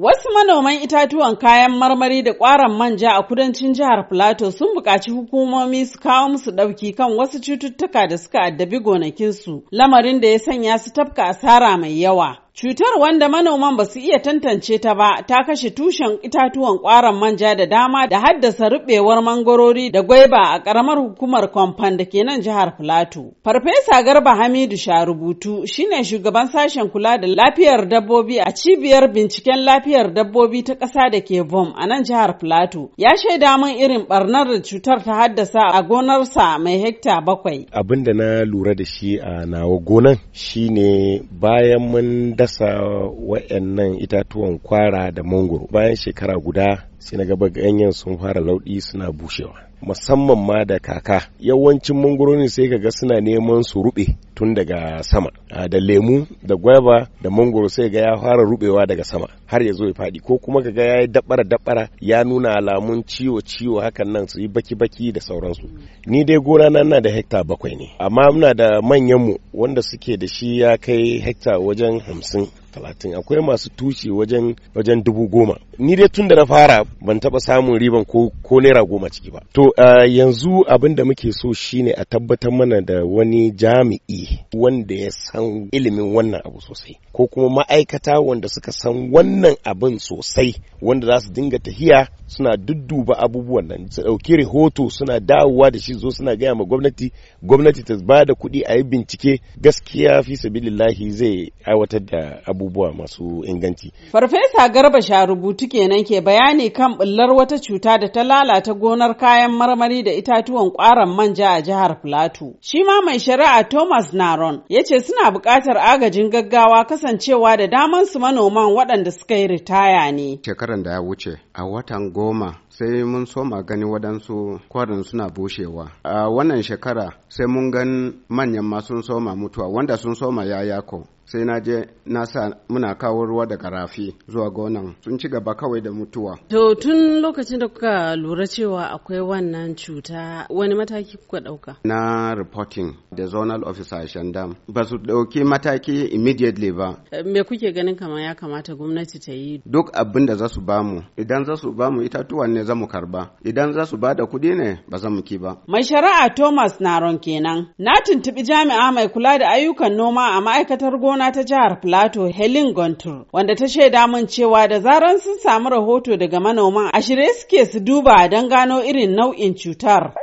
Wasu manoman itatuwan kayan marmari da ƙwaron manja a kudancin jihar Filato sun buƙaci hukumomi su kawo musu ɗauki kan wasu cututtuka da suka addabi gonakinsu, lamarin da ya sanya su tafka asara mai yawa. Cutar wanda manoman ba su iya tantance ta ba ta kashe tushen itatuwan kwaron manja da dama da haddasa rubewar mangorori da gwaiba a karamar hukumar kwamfan da ke nan jihar Filato. Farfesa Garba Hamidu Sharubutu shine shugaban sashen kula da lafiyar dabbobi a cibiyar binciken lafiyar dabbobi ta ƙasa da ke Bom a nan jihar Filato. Ya shaida min irin barnar da cutar ta haddasa a gonarsa mai hekta bakwai. Abin da na lura da shi a nawa gonan shine bayan mun rasa wa'annan itatuwan kwara da mangoro bayan shekara guda sai na gaba ganyen sun fara lauɗi suna bushewa musamman ma da kaka yawancin mangoro ne sai ka ga suna neman su rube tun daga sama ah, da lemu da gwaiba da mangoro sai ga ya fara rubewa daga sama har ya zo ya faɗi ko kuma ga ya yi dabbara dabbara ya nuna alamun ciwo ciwo hakan nan su yi baki baki da sauransu ni dai gona na na da hekta bakwai ne amma muna da manyan mu wanda suke da shi ya kai hekta wajen hamsin talatin akwai masu tushe wajen wajen dubu goma ni dai tun da na fara ban taba samun riban ko ko naira goma ciki ba to ah, yanzu abin da muke so shine a tabbatar mana da wani jami'i wanda ya san ilimin wannan abu sosai ko kuma ma'aikata wanda suka san wannan abin sosai wanda za su dinga tahiya suna dudduba abubuwan nan su ɗauki rahoto suna dawowa da shi zo suna gaya ma gwamnati gwamnati ta ba da kuɗi a yi bincike gaskiya fi sabilillahi zai aiwatar da abubuwa masu inganci. Farfesa Garba rubutu kenan ke bayani kan bullar wata cuta da ta lalata gonar kayan marmari da itatuwan kwaran manja a jihar plateau Shi ma mai shari'a Thomas Naron ya ce suna buƙatar agajin gaggawa kasancewa da daman su manoman waɗanda suka yi ritaya ne. Shekaran da ya wuce a watan goma sai mun soma gani waɗansu kwarin suna bushewa. A wannan shekara sai mun gan manyan ma sun soma mutuwa wanda sun soma ya yako sai na je na sa muna kawo ruwa daga rafi zuwa gonan sun ci gaba kawai da mutuwa. To tun lokacin da kuka lura cewa akwai wannan cuta wani mataki kuka ɗauka? Na reporting da zonal officer Shandam ba su ɗauki mataki immediately ba. Eh, me kuke ganin kamar ya kamata gwamnati ta yi? Duk abin da za su bamu idan za su mu itatuwan ne za mu karba idan za su ba da kuɗi ne ba za mu ki ba. Mai shari'a Thomas Naron kenan na tuntuɓi jami'a mai kula da ayyukan noma a ma'aikatar gona na ta jihar Plateau Helen Gontur wanda ta shaida mun cewa da zaran sun samu rahoto daga manoman a shirye suke su duba don gano irin nau'in cutar.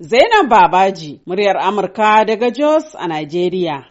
Zainab Babaji, muryar Amurka daga Jos a Najeriya.